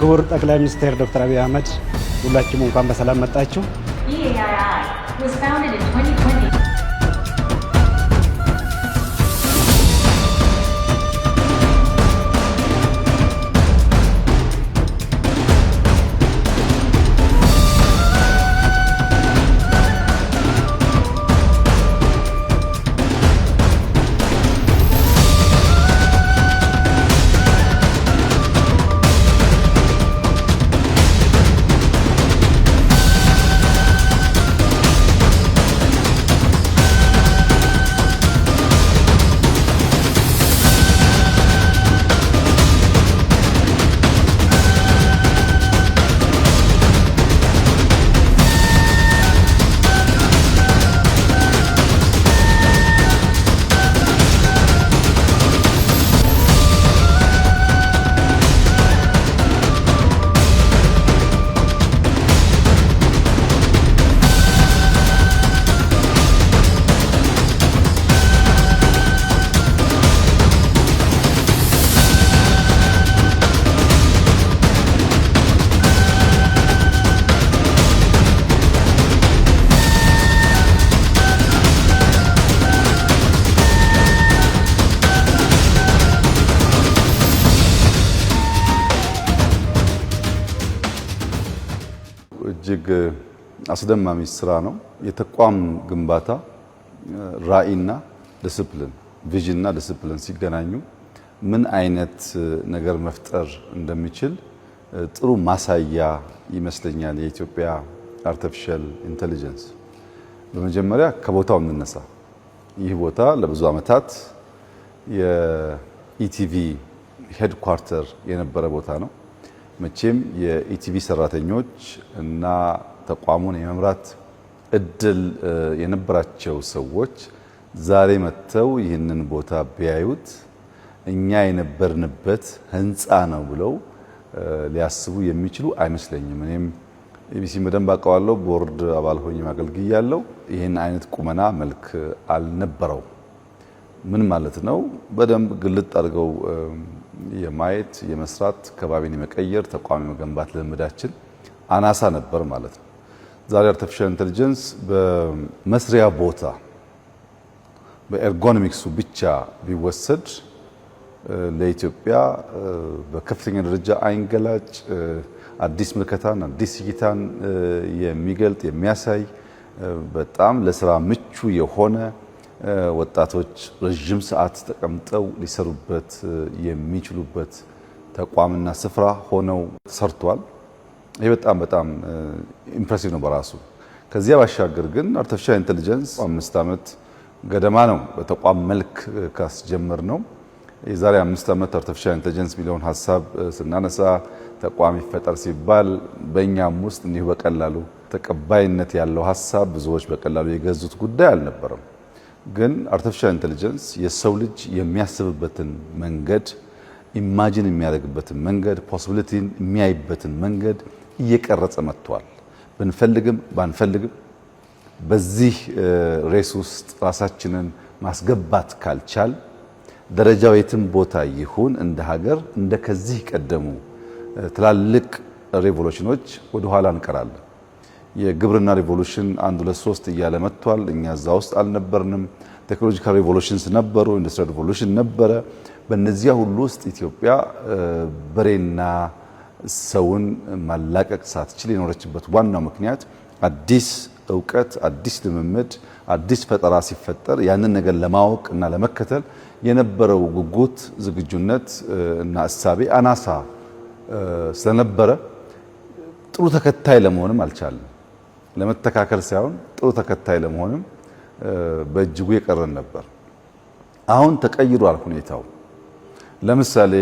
ክቡር ጠቅላይ ሚኒስትር ዶክተር አብይ አህመድ ሁላችሁም እንኳን በሰላም መጣችሁ። እጅግ አስደማሚ ስራ ነው። የተቋም ግንባታ ራዕይና ዲስፕሊን፣ ቪዥንና ዲስፕሊን ሲገናኙ ምን አይነት ነገር መፍጠር እንደሚችል ጥሩ ማሳያ ይመስለኛል የኢትዮጵያ አርቲፊሻል ኢንተለጀንስ። በመጀመሪያ ከቦታው እንነሳ። ይህ ቦታ ለብዙ ዓመታት የኢቲቪ ሄድኳርተር የነበረ ቦታ ነው። መቼም የኢቲቪ ሰራተኞች እና ተቋሙን የመምራት እድል የነበራቸው ሰዎች ዛሬ መጥተው ይህንን ቦታ ቢያዩት እኛ የነበርንበት ህንፃ ነው ብለው ሊያስቡ የሚችሉ አይመስለኝም። እኔም ኢቢሲን በደንብ አውቀዋለሁ፣ ቦርድ አባል ሆኜ ያለው ይህን አይነት ቁመና መልክ አልነበረው። ምን ማለት ነው? በደንብ ግልጥ አድርገው የማየት የመስራት ከባቢን የመቀየር ተቋም የመገንባት ልምዳችን አናሳ ነበር ማለት ነው። ዛሬ አርቲፊሻል ኢንቴሊጀንስ በመስሪያ ቦታ በኤርጎኖሚክሱ ብቻ ቢወሰድ ለኢትዮጵያ በከፍተኛ ደረጃ አይንገላጭ አዲስ ምልከታን አዲስ እይታን የሚገልጥ የሚያሳይ በጣም ለስራ ምቹ የሆነ ወጣቶች ረዥም ሰዓት ተቀምጠው ሊሰሩበት የሚችሉበት ተቋምና ስፍራ ሆነው ተሰርቷል። ይህ በጣም በጣም ኢምፕሬሲቭ ነው በራሱ። ከዚያ ባሻገር ግን አርቲፊሻል ኢንቴሊጀንስ አምስት ዓመት ገደማ ነው በተቋም መልክ ካስጀምር ነው። የዛሬ አምስት ዓመት አርቲፊሻል ኢንቴሊጀንስ የሚለውን ሀሳብ ስናነሳ ተቋም ይፈጠር ሲባል በእኛም ውስጥ እንዲሁ በቀላሉ ተቀባይነት ያለው ሀሳብ ብዙዎች በቀላሉ የገዙት ጉዳይ አልነበረም። ግን አርቲፊሻል ኢንቴሊጀንስ የሰው ልጅ የሚያስብበትን መንገድ ኢማጂን የሚያደርግበትን መንገድ ፖስቢሊቲን የሚያይበትን መንገድ እየቀረጸ መጥቷል። ብንፈልግም ባንፈልግም በዚህ ሬስ ውስጥ ራሳችንን ማስገባት ካልቻል ደረጃው የትም ቦታ ይሁን እንደ ሀገር እንደ ከዚህ ቀደሙ ትላልቅ ሬቮሉሽኖች ወደኋላ እንቀራለን። የግብርና ሪቮሉሽን አንድ ሁለት ሶስት እያለ መጥቷል። እኛ እዛ ውስጥ አልነበርንም። ቴክኖሎጂካል ሪቮሉሽንስ ነበሩ፣ ኢንዱስትሪ ሪቮሉሽን ነበረ። በእነዚያ ሁሉ ውስጥ ኢትዮጵያ በሬና ሰውን ማላቀቅ ሳትችል የኖረችበት ዋናው ምክንያት አዲስ እውቀት፣ አዲስ ልምምድ፣ አዲስ ፈጠራ ሲፈጠር ያንን ነገር ለማወቅ እና ለመከተል የነበረው ጉጉት፣ ዝግጁነት እና እሳቤ አናሳ ስለነበረ ጥሩ ተከታይ ለመሆንም አልቻለም። ለመተካከል ሳይሆን ጥሩ ተከታይ ለመሆንም በእጅጉ የቀረን ነበር። አሁን ተቀይሯል ሁኔታው። ለምሳሌ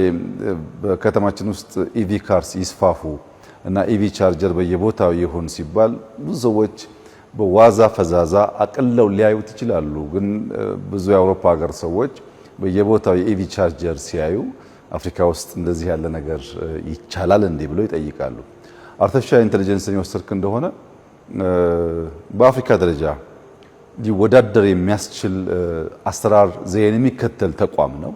በከተማችን ውስጥ ኢቪ ካርስ ይስፋፉ እና ኢቪ ቻርጀር በየቦታው ይሁን ሲባል ብዙ ሰዎች በዋዛ ፈዛዛ አቅለው ሊያዩት ይችላሉ። ግን ብዙ የአውሮፓ ሀገር ሰዎች በየቦታው የኢቪ ቻርጀር ሲያዩ አፍሪካ ውስጥ እንደዚህ ያለ ነገር ይቻላል እንዲህ ብለው ይጠይቃሉ። አርቲፊሻል ኢንቴሊጀንስን የወሰድክ እንደሆነ በአፍሪካ ደረጃ ሊወዳደር የሚያስችል አሰራር ዘዬን የሚከተል ተቋም ነው።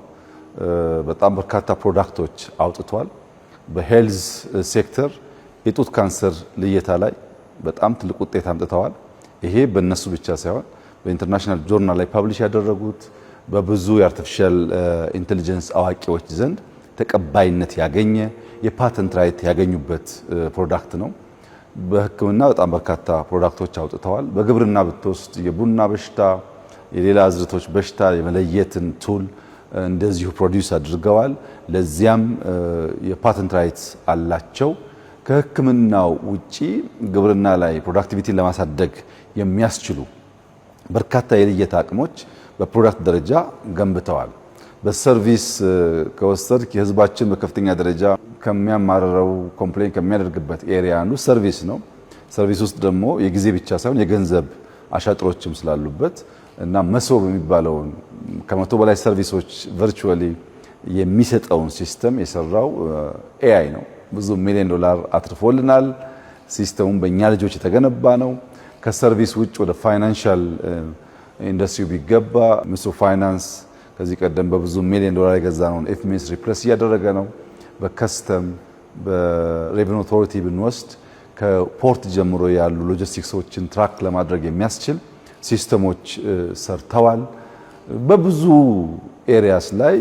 በጣም በርካታ ፕሮዳክቶች አውጥቷል። በሄልዝ ሴክተር የጡት ካንሰር ልየታ ላይ በጣም ትልቅ ውጤት አምጥተዋል። ይሄ በእነሱ ብቻ ሳይሆን በኢንተርናሽናል ጆርናል ላይ ፐብሊሽ ያደረጉት በብዙ የአርቲፊሻል ኢንቴሊጀንስ አዋቂዎች ዘንድ ተቀባይነት ያገኘ የፓተንት ራይት ያገኙበት ፕሮዳክት ነው። በህክምና በጣም በርካታ ፕሮዳክቶች አውጥተዋል። በግብርና ብትወስድ የቡና በሽታ፣ የሌላ አዝርቶች በሽታ የመለየትን ቱል እንደዚሁ ፕሮዲውስ አድርገዋል። ለዚያም የፓተንት ራይትስ አላቸው። ከህክምናው ውጪ ግብርና ላይ ፕሮዳክቲቪቲን ለማሳደግ የሚያስችሉ በርካታ የልየት አቅሞች በፕሮዳክት ደረጃ ገንብተዋል። በሰርቪስ ከወሰድክ የህዝባችን በከፍተኛ ደረጃ ከሚያማርረው ኮምፕሌን ከሚያደርግበት ኤሪያ አንዱ ሰርቪስ ነው። ሰርቪስ ውስጥ ደግሞ የጊዜ ብቻ ሳይሆን የገንዘብ አሻጥሮችም ስላሉበት እና መሶብ የሚባለውን ከመቶ በላይ ሰርቪሶች ቨርቹዋሊ የሚሰጠውን ሲስተም የሰራው ኤአይ uh, ነው። ብዙ ሚሊዮን ዶላር አትርፎልናል። ሲስተሙም በእኛ ልጆች የተገነባ ነው። ከሰርቪስ ውጭ ወደ ፋይናንሻል ኢንዱስትሪ uh, ቢገባ ምስ ፋይናንስ ከዚህ ቀደም በብዙ ሚሊዮን ዶላር የገዛ ነውን ኤፍኤምኤስ ሪፕለስ እያደረገ ነው። በከስተም በሬቨን ኦቶሪቲ ብንወስድ ከፖርት ጀምሮ ያሉ ሎጂስቲክሶችን ትራክ ለማድረግ የሚያስችል ሲስተሞች ሰርተዋል። በብዙ ኤሪያስ ላይ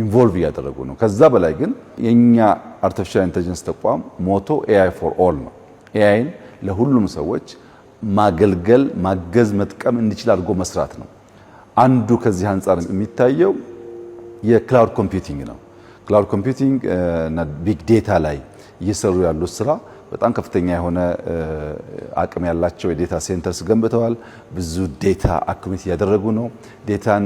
ኢንቮልቭ እያደረጉ ነው። ከዛ በላይ ግን የእኛ አርቲፊሻል ኢንቴሊጀንስ ተቋም ሞቶ ኤአይ ፎር ኦል ነው። ኤአይን ለሁሉም ሰዎች ማገልገል፣ ማገዝ፣ መጥቀም እንዲችል አድርጎ መስራት ነው። አንዱ ከዚህ አንጻር የሚታየው የክላውድ ኮምፒውቲንግ ነው። ክላውድ ኮምፒውቲንግ እና ቢግ ዴታ ላይ እየሰሩ ያሉት ስራ በጣም ከፍተኛ የሆነ አቅም ያላቸው የዴታ ሴንተርስ ገንብተዋል። ብዙ ዴታ አክሚት እያደረጉ ነው። ዴታን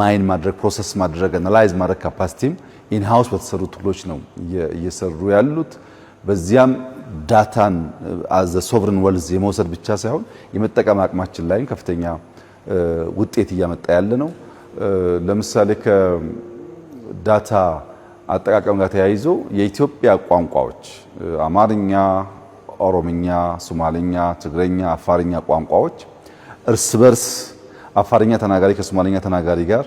ማይን ማድረግ፣ ፕሮሰስ ማድረግ፣ አናላይዝ ማድረግ ካፓሲቲም ኢንሃውስ በተሰሩ ቱሎች ነው እየሰሩ ያሉት። በዚያም ዳታን አዘ ሶቨርን ወልዝ የመውሰድ ብቻ ሳይሆን የመጠቀም አቅማችን ላይም ከፍተኛ ውጤት እያመጣ ያለ ነው። ለምሳሌ ከዳታ አጠቃቀም ጋር ተያይዞ የኢትዮጵያ ቋንቋዎች አማርኛ፣ ኦሮምኛ፣ ሶማሌኛ፣ ትግረኛ፣ አፋርኛ ቋንቋዎች እርስ በርስ አፋርኛ ተናጋሪ ከሶማሌኛ ተናጋሪ ጋር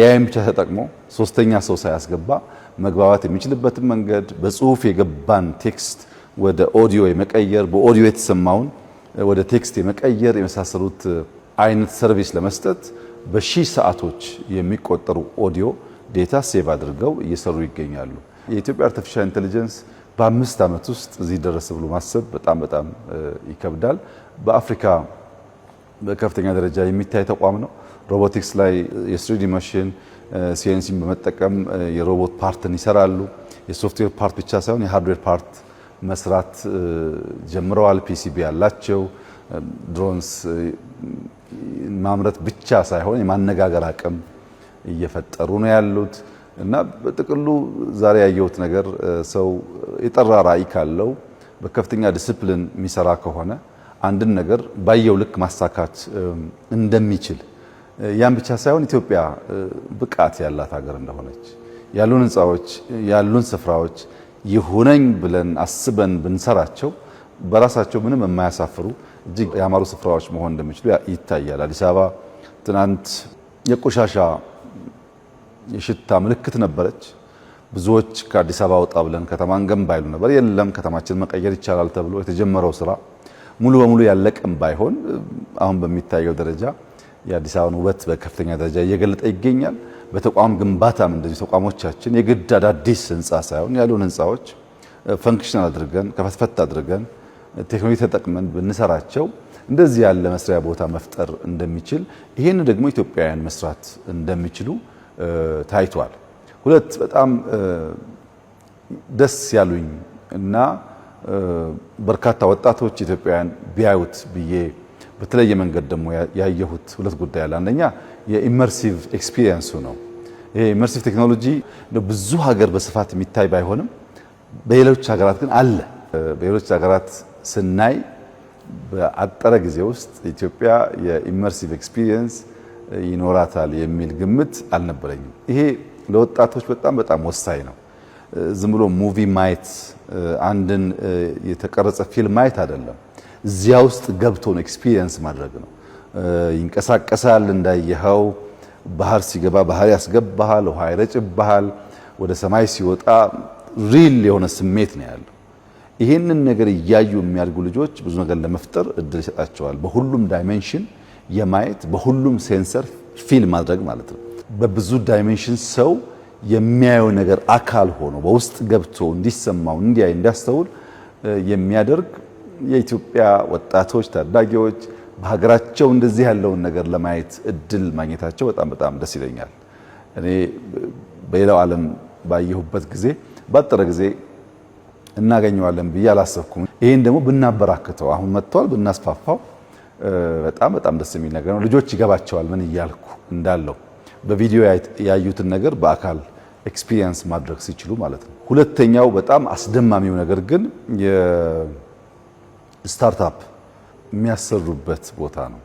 ኤአይም ብቻ ተጠቅሞ ሶስተኛ ሰው ሳያስገባ መግባባት የሚችልበትን መንገድ በጽሁፍ የገባን ቴክስት ወደ ኦዲዮ የመቀየር በኦዲዮ የተሰማውን ወደ ቴክስት የመቀየር የመሳሰሉት አይነት ሰርቪስ ለመስጠት በሺህ ሰዓቶች የሚቆጠሩ ኦዲዮ ዴታ ሴቭ አድርገው እየሰሩ ይገኛሉ። የኢትዮጵያ አርቲፊሻል ኢንቴሊጀንስ በአምስት ዓመት ውስጥ እዚህ ደረሰ ብሎ ማሰብ በጣም በጣም ይከብዳል። በአፍሪካ በከፍተኛ ደረጃ የሚታይ ተቋም ነው። ሮቦቲክስ ላይ የስሪዲ ማሽን ሲኤንሲን በመጠቀም የሮቦት ፓርትን ይሰራሉ። የሶፍትዌር ፓርት ብቻ ሳይሆን የሃርድዌር ፓርት መስራት ጀምረዋል። ፒሲቢ ያላቸው ድሮንስ ማምረት ብቻ ሳይሆን የማነጋገር አቅም እየፈጠሩ ነው ያሉት እና በጥቅሉ ዛሬ ያየሁት ነገር ሰው የጠራ ራዕይ ካለው በከፍተኛ ዲስፕሊን የሚሰራ ከሆነ አንድን ነገር ባየው ልክ ማሳካት እንደሚችል ያን ብቻ ሳይሆን ኢትዮጵያ ብቃት ያላት ሀገር እንደሆነች ያሉን ህንፃዎች ያሉን ስፍራዎች ይሁነኝ ብለን አስበን ብንሰራቸው በራሳቸው ምንም የማያሳፍሩ እጅግ ያማሩ ስፍራዎች መሆን እንደሚችሉ ይታያል። አዲስ አበባ ትናንት የቆሻሻ የሽታ ምልክት ነበረች። ብዙዎች ከአዲስ አበባ ወጣ ብለን ከተማን ገንባ ይሉ ነበር። የለም ከተማችን መቀየር ይቻላል ተብሎ የተጀመረው ስራ ሙሉ በሙሉ ያለቀም ባይሆን አሁን በሚታየው ደረጃ የአዲስ አበባን ውበት በከፍተኛ ደረጃ እየገለጠ ይገኛል። በተቋም ግንባታም እንደዚህ ተቋሞቻችን የግድ አዳዲስ ህንፃ ሳይሆን ያሉን ህንፃዎች ፈንክሽናል አድርገን ከፈትፈት አድርገን ቴክኖሎጂ ተጠቅመን ብንሰራቸው እንደዚህ ያለ መስሪያ ቦታ መፍጠር እንደሚችል ይህን ደግሞ ኢትዮጵያውያን መስራት እንደሚችሉ ታይቷል። ሁለት በጣም ደስ ያሉኝ እና በርካታ ወጣቶች ኢትዮጵያውያን ቢያዩት ብዬ በተለየ መንገድ ደግሞ ያየሁት ሁለት ጉዳይ አለ። አንደኛ የኢመርሲቭ ኤክስፒሪየንሱ ነው። ይሄ ኢመርሲቭ ቴክኖሎጂ ብዙ ሀገር በስፋት የሚታይ ባይሆንም በሌሎች ሀገራት ግን አለ። በሌሎች ሀገራት ስናይ በአጠረ ጊዜ ውስጥ ኢትዮጵያ የኢመርሲቭ ኤክስፒሪየንስ ይኖራታል የሚል ግምት አልነበረኝም። ይሄ ለወጣቶች በጣም በጣም ወሳኝ ነው። ዝም ብሎ ሙቪ ማየት፣ አንድን የተቀረጸ ፊልም ማየት አይደለም። እዚያ ውስጥ ገብቶ ነው ኤክስፒሪየንስ ማድረግ ነው። ይንቀሳቀሳል እንዳየኸው፣ ባህር ሲገባ ባህር ያስገባሃል፣ ውሃ ይረጭብሃል፣ ወደ ሰማይ ሲወጣ ሪል የሆነ ስሜት ነው ያለው። ይህንን ነገር እያዩ የሚያድጉ ልጆች ብዙ ነገር ለመፍጠር እድል ይሰጣቸዋል በሁሉም ዳይሜንሽን የማየት በሁሉም ሴንሰር ፊል ማድረግ ማለት ነው። በብዙ ዳይሜንሽን ሰው የሚያየው ነገር አካል ሆኖ በውስጥ ገብቶ እንዲሰማው፣ እንዲያይ፣ እንዲያስተውል የሚያደርግ የኢትዮጵያ ወጣቶች ታዳጊዎች በሀገራቸው እንደዚህ ያለውን ነገር ለማየት እድል ማግኘታቸው በጣም በጣም ደስ ይለኛል። እኔ በሌላው ዓለም ባየሁበት ጊዜ ባጠረ ጊዜ እናገኘዋለን ብዬ አላሰብኩም። ይህን ደግሞ ብናበራክተው አሁን መጥተዋል ብናስፋፋው በጣም በጣም ደስ የሚል ነገር ነው። ልጆች ይገባቸዋል ምን እያልኩ እንዳለው በቪዲዮ ያዩትን ነገር በአካል ኤክስፒሪየንስ ማድረግ ሲችሉ ማለት ነው። ሁለተኛው በጣም አስደማሚው ነገር ግን የስታርታፕ የሚያሰሩበት ቦታ ነው።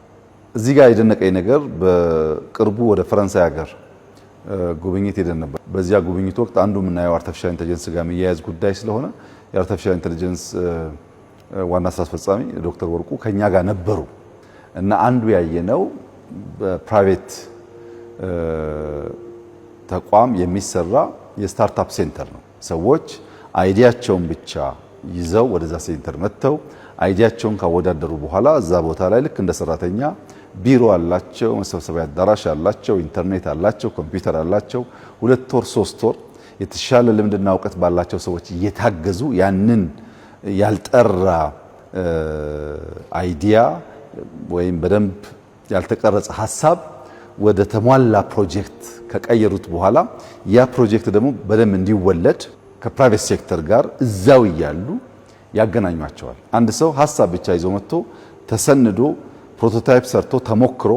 እዚህ ጋር የደነቀኝ ነገር በቅርቡ ወደ ፈረንሳይ ሀገር ጉብኝት ሄደን ነበር። በዚያ ጉብኝት ወቅት አንዱ የምናየው አርቲፊሻል ኢንቴሊጀንስ ጋር የሚያያዝ ጉዳይ ስለሆነ የአርቲፊሻል ኢንቴሊጀንስ ዋና ስራ አስፈጻሚ ዶክተር ወርቁ ከኛ ጋር ነበሩ። እና አንዱ ያየነው በፕራይቬት ተቋም የሚሰራ የስታርታፕ ሴንተር ነው። ሰዎች አይዲያቸውን ብቻ ይዘው ወደዛ ሴንተር መጥተው አይዲያቸውን ካወዳደሩ በኋላ እዛ ቦታ ላይ ልክ እንደ ሰራተኛ ቢሮ አላቸው፣ መሰብሰቢያ አዳራሽ አላቸው፣ ኢንተርኔት አላቸው፣ ኮምፒውተር አላቸው። ሁለት ወር ሶስት ወር የተሻለ ልምድና እውቀት ባላቸው ሰዎች እየታገዙ ያንን ያልጠራ አይዲያ ወይም በደንብ ያልተቀረጸ ሀሳብ ወደ ተሟላ ፕሮጀክት ከቀየሩት በኋላ ያ ፕሮጀክት ደግሞ በደንብ እንዲወለድ ከፕራይቬት ሴክተር ጋር እዛው እያሉ ያገናኟቸዋል። አንድ ሰው ሀሳብ ብቻ ይዞ መጥቶ ተሰንዶ ፕሮቶታይፕ ሰርቶ ተሞክሮ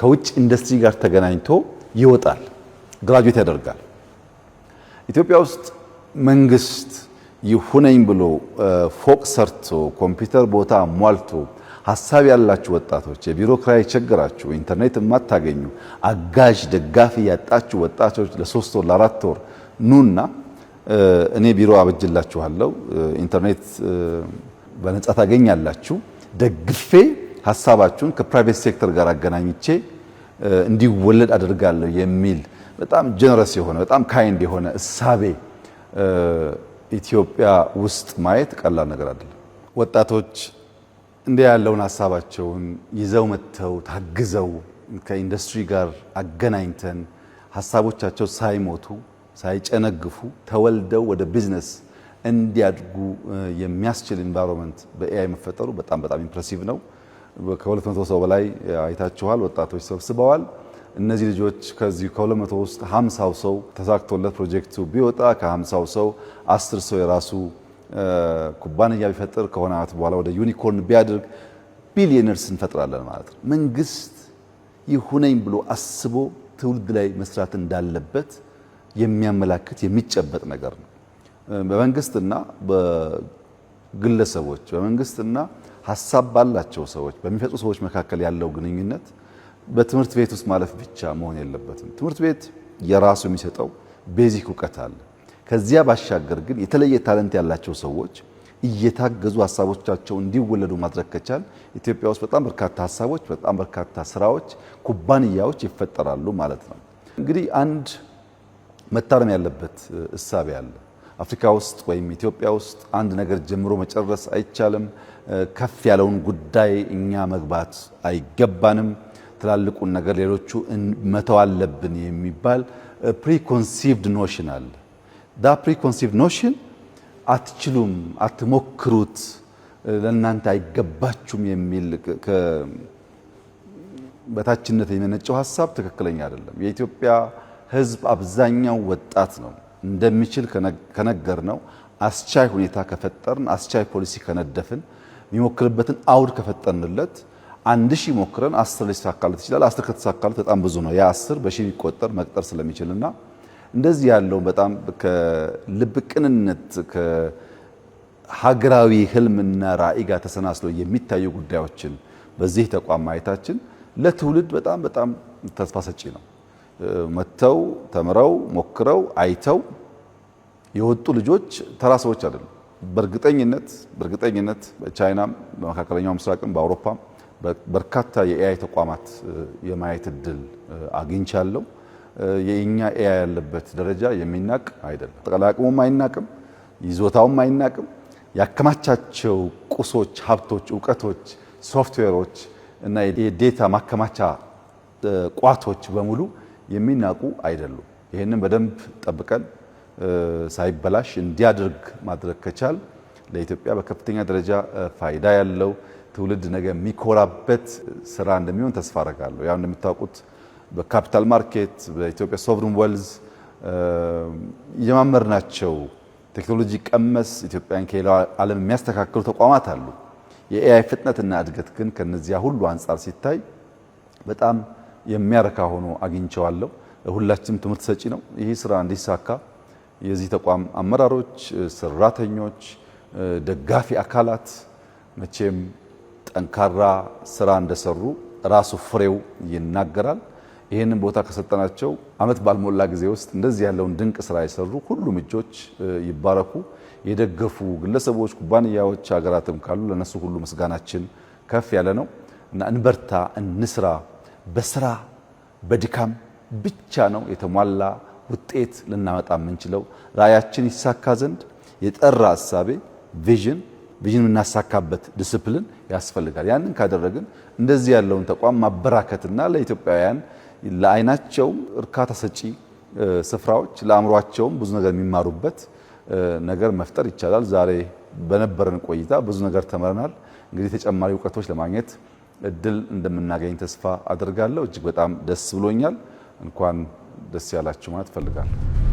ከውጭ ኢንዱስትሪ ጋር ተገናኝቶ ይወጣል፣ ግራጁዌት ያደርጋል። ኢትዮጵያ ውስጥ መንግስት ይሁነኝ ብሎ ፎቅ ሰርቶ ኮምፒውተር ቦታ ሟልቶ ሀሳብ ያላችሁ ወጣቶች፣ የቢሮ ክራይ ኢንተርኔት የማታገኙ አጋዥ ደጋፊ ያጣችሁ ወጣቶች ለሶስት ወር ለአራት ወር ኑና እኔ ቢሮ አበጅላችኋለሁ፣ ኢንተርኔት በነጻ ታገኛላችሁ፣ ደግፌ ሀሳባችሁን ከፕራይቬት ሴክተር ጋር አገናኝቼ እንዲወለድ አድርጋለሁ የሚል በጣም ጀነረስ የሆነ በጣም ካይንድ የሆነ እሳቤ ኢትዮጵያ ውስጥ ማየት ቀላል ነገር አይደለም። ወጣቶች እንዲህ ያለውን ሀሳባቸውን ይዘው መጥተው ታግዘው ከኢንዱስትሪ ጋር አገናኝተን ሀሳቦቻቸው ሳይሞቱ ሳይጨነግፉ ተወልደው ወደ ቢዝነስ እንዲያድጉ የሚያስችል ኢንቫይሮንመንት በኤአይ መፈጠሩ በጣም በጣም ኢምፕሬሲቭ ነው። ከ200 ሰው በላይ አይታችኋል፣ ወጣቶች ሰብስበዋል። እነዚህ ልጆች ከዚህ ከ200 ውስጥ 50 ሰው ተሳክቶለት ፕሮጀክቱ ቢወጣ ከ 50 ሰው 10 ሰው የራሱ ኩባንያ ቢፈጥር ከሆነ ዓመት በኋላ ወደ ዩኒኮርን ቢያድርግ ቢሊዮነርስ እንፈጥራለን ማለት ነው። መንግስት ይሁነኝ ብሎ አስቦ ትውልድ ላይ መስራት እንዳለበት የሚያመላክት የሚጨበጥ ነገር ነው። በመንግስትና በግለሰቦች በመንግስትና ሀሳብ ባላቸው ሰዎች በሚፈጥሩ ሰዎች መካከል ያለው ግንኙነት በትምህርት ቤት ውስጥ ማለፍ ብቻ መሆን የለበትም። ትምህርት ቤት የራሱ የሚሰጠው ቤዚክ እውቀት አለ። ከዚያ ባሻገር ግን የተለየ ታለንት ያላቸው ሰዎች እየታገዙ ሀሳቦቻቸው እንዲወለዱ ማድረግ ከቻል ኢትዮጵያ ውስጥ በጣም በርካታ ሀሳቦች፣ በጣም በርካታ ስራዎች፣ ኩባንያዎች ይፈጠራሉ ማለት ነው። እንግዲህ አንድ መታረም ያለበት እሳቤ አለ። አፍሪካ ውስጥ ወይም ኢትዮጵያ ውስጥ አንድ ነገር ጀምሮ መጨረስ አይቻልም። ከፍ ያለውን ጉዳይ እኛ መግባት አይገባንም። ትላልቁን ነገር ሌሎቹ መተው አለብን የሚባል ፕሪኮንሲቭድ ኖሽን አለ። ዳ ፕሪኮንሲቭ ኖሽን አትችሉም፣ አትሞክሩት፣ ለእናንተ አይገባችሁም የሚል በታችነት የሚመነጨው ሀሳብ ትክክለኛ አይደለም። የኢትዮጵያ ሕዝብ አብዛኛው ወጣት ነው። እንደሚችል ከነገር ነው አስቻይ ሁኔታ ከፈጠርን አስቻይ ፖሊሲ ከነደፍን የሚሞክርበትን አውድ ከፈጠርንለት አንድ ሺህ ሞክረን አስር ሊሳካለት ይችላል። አስር ከተሳካለት በጣም ብዙ ነው። ያ አስር በሺህ የሚቆጠር መቅጠር ስለሚችልና እንደዚህ ያለው በጣም ከልብ ቅንነት ከሀገራዊ ህልምና ራዕይ ጋር ተሰናስለው የሚታዩ ጉዳዮችን በዚህ ተቋም ማየታችን ለትውልድ በጣም በጣም ተስፋ ሰጪ ነው። መጥተው ተምረው ሞክረው አይተው የወጡ ልጆች ተራ ሰዎች አይደሉም። በእርግጠኝነት በእርግጠኝነት በቻይናም በመካከለኛው ምስራቅም በአውሮፓም በርካታ የኤአይ ተቋማት የማየት እድል አግኝቻለሁ። የእኛ ኤያ ያለበት ደረጃ የሚናቅ አይደለም። ጠቀላቅሙም አይናቅም፣ ይዞታውም አይናቅም። ያከማቻቸው ቁሶች፣ ሀብቶች፣ እውቀቶች፣ ሶፍትዌሮች እና የዴታ ማከማቻ ቋቶች በሙሉ የሚናቁ አይደሉም። ይህንን በደንብ ጠብቀን ሳይበላሽ እንዲያደርግ ማድረግ ከቻል ለኢትዮጵያ በከፍተኛ ደረጃ ፋይዳ ያለው ትውልድ ነገ የሚኮራበት ስራ እንደሚሆን ተስፋ አረጋለሁ። ያው እንደምታውቁት በካፒታል ማርኬት በኢትዮጵያ ሶቨሪን እየማመር ናቸው። ቴክኖሎጂ ቀመስ ኢትዮጵያን ከሌላው ዓለም የሚያስተካክሉ ተቋማት አሉ። የኤአይ ፍጥነትና እድገት ግን ከነዚያ ሁሉ አንጻር ሲታይ በጣም የሚያረካ ሆኖ አግኝቸዋለሁ። ሁላችንም ትምህርት ሰጪ ነው። ይህ ስራ እንዲሳካ የዚህ ተቋም አመራሮች፣ ሰራተኞች፣ ደጋፊ አካላት መቼም ጠንካራ ስራ እንደሰሩ ራሱ ፍሬው ይናገራል። ይህንን ቦታ ከሰጠናቸው ዓመት ባልሞላ ጊዜ ውስጥ እንደዚህ ያለውን ድንቅ ስራ የሰሩ ሁሉም እጆች ይባረኩ። የደገፉ ግለሰቦች፣ ኩባንያዎች፣ ሀገራትም ካሉ ለነሱ ሁሉ ምስጋናችን ከፍ ያለ ነው እና እንበርታ፣ እንስራ። በስራ በድካም ብቻ ነው የተሟላ ውጤት ልናመጣ የምንችለው። ራዕያችን ይሳካ ዘንድ የጠራ ሀሳቤ ቪዥን ቪዥን የምናሳካበት ዲስፕሊን ያስፈልጋል። ያንን ካደረግን እንደዚህ ያለውን ተቋም ማበራከትና ለኢትዮጵያውያን ለአይናቸውም እርካታ ሰጪ ስፍራዎች፣ ለአእምሯቸውም ብዙ ነገር የሚማሩበት ነገር መፍጠር ይቻላል። ዛሬ በነበረን ቆይታ ብዙ ነገር ተምረናል። እንግዲህ ተጨማሪ እውቀቶች ለማግኘት እድል እንደምናገኝ ተስፋ አድርጋለሁ። እጅግ በጣም ደስ ብሎኛል። እንኳን ደስ ያላችሁ ማለት እፈልጋለሁ።